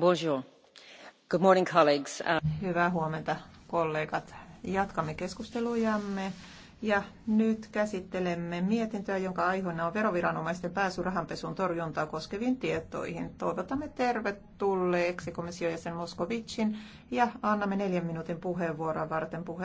Uh, Hyvää huomenta, kollegat. Jatkamme keskustelujamme ja nyt käsittelemme mietintöä, jonka aiheena on veroviranomaisten pääsy rahanpesun torjuntaa koskeviin tietoihin. Toivotamme tervetulleeksi komission jäsen Moscovicin ja annamme neljän minuutin puheenvuoroa varten puheenvuoron.